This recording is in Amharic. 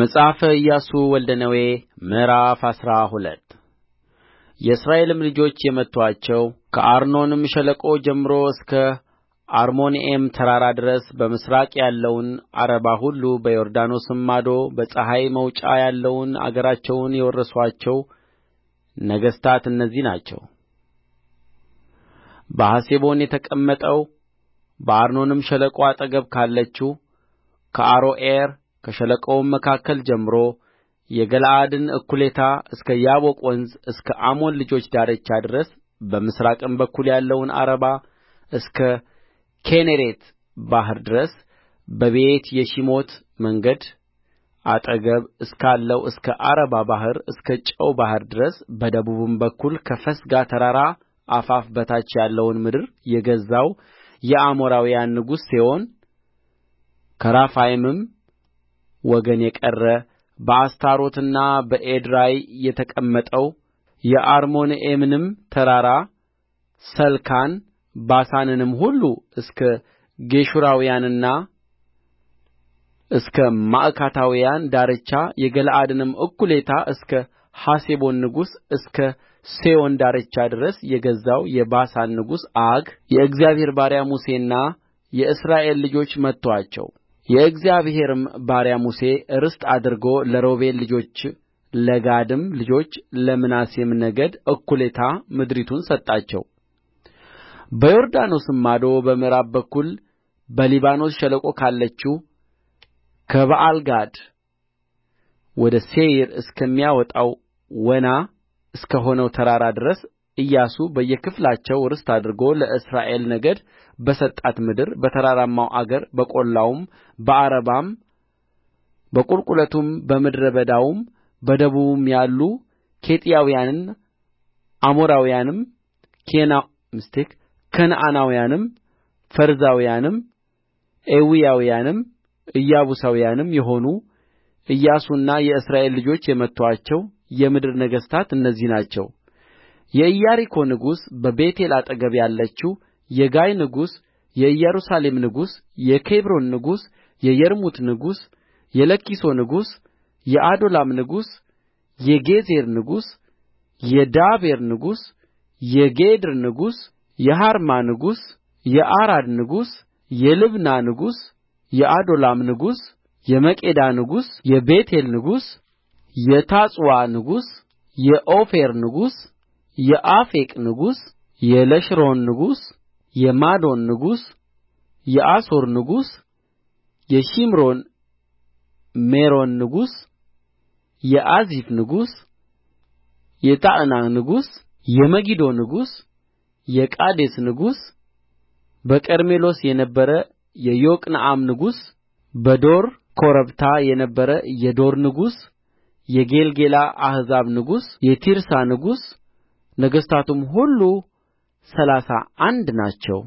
መጽሐፈ ኢያሱ ወልደ ነዌ ምዕራፍ አስራ ሁለት የእስራኤልም ልጆች የመቱአቸው ከአርኖንም ሸለቆ ጀምሮ እስከ አርሞንዔም ተራራ ድረስ በምሥራቅ ያለውን ዓረባ ሁሉ በዮርዳኖስም ማዶ በፀሐይ መውጫ ያለውን አገራቸውን የወረሱአቸው ነገሥታት እነዚህ ናቸው። በሐሴቦን የተቀመጠው በአርኖንም ሸለቆ አጠገብ ካለችው ከአሮዔር ከሸለቆውም መካከል ጀምሮ የገለዓድን እኩሌታ እስከ ያቦቅ ወንዝ እስከ አሞን ልጆች ዳርቻ ድረስ በምሥራቅም በኩል ያለውን ዓረባ እስከ ኪኔሬት ባሕር ድረስ በቤትየሺሞት መንገድ አጠገብ እስካለው እስከ ዓረባ ባሕር እስከ ጨው ባሕር ድረስ በደቡብም በኩል ከፈስጋ ተራራ አፋፍ በታች ያለውን ምድር የገዛው የአሞራውያን ንጉሥ ሴዎን ከራፋይምም ወገን የቀረ በአስታሮትና በኤድራይ የተቀመጠው የአርሞንዔምንም ተራራ ሰልካን ባሳንንም ሁሉ እስከ ጌሹራውያንና እስከ ማዕካታውያን ዳርቻ የገለዓድንም እኩሌታ እስከ ሐሴቦን ንጉሥ እስከ ሴዎን ዳርቻ ድረስ የገዛው የባሳን ንጉሥ ዐግ የእግዚአብሔር ባሪያ ሙሴና የእስራኤል ልጆች መቱአቸው። የእግዚአብሔርም ባሪያ ሙሴ ርስት አድርጎ ለሮቤል ልጆች ለጋድም ልጆች ለምናሴም ነገድ እኩሌታ ምድሪቱን ሰጣቸው በዮርዳኖስም ማዶ በምዕራብ በኩል በሊባኖስ ሸለቆ ካለችው ከበኣልጋድ ወደ ሴይር እስከሚያወጣው ወና እስከ ሆነው ተራራ ድረስ ኢያሱ በየክፍላቸው ርስት አድርጎ ለእስራኤል ነገድ በሰጣት ምድር በተራራማው አገር በቈላውም በዓረባም በቍልቍለቱም በምድረ በዳውም በደቡቡም ያሉ ኬጢያውያንን አሞራውያንም ከነዓናውያንም ፌርዛውያንም ኤዊያውያንም ኢያቡሳውያንም የሆኑ ኢያሱና የእስራኤል ልጆች የመቱአቸው የምድር ነገሥታት እነዚህ ናቸው የኢያሪኮ ንጉሥ በቤቴል አጠገብ ያለችው የጋይ ንጉሥ የኢየሩሳሌም ንጉሥ የኬብሮን ንጉሥ የየርሙት ንጉሥ የለኪሶ ንጉሥ የኦዶላም ንጉሥ የጌዝር ንጉሥ የዳቤር ንጉሥ የጌድር ንጉሥ የሔርማ ንጉሥ የአራድ ንጉሥ የልብና ንጉሥ የኦዶላም ንጉሥ የመቄዳ ንጉሥ የቤቴል ንጉሥ የታጱዋ ንጉሥ የኦፌር ንጉሥ የአፌቅ ንጉሥ የለሸሮን ንጉሥ የማዶን ንጉሥ የአሶር ንጉሥ የሺምሮን ሜሮን ንጉሥ የአዚፍ ንጉሥ የታዕናክ ንጉሥ የመጊዶ ንጉሥ የቃዴስ ንጉሥ በቀርሜሎስ የነበረ የዮቅንዓም ንጉሥ በዶር ኮረብታ የነበረ የዶር ንጉሥ የጌልገላ አሕዛብ ንጉሥ የቲርሳ ንጉሥ ነገሥታቱም ሁሉ ሠላሳ አንድ ናቸው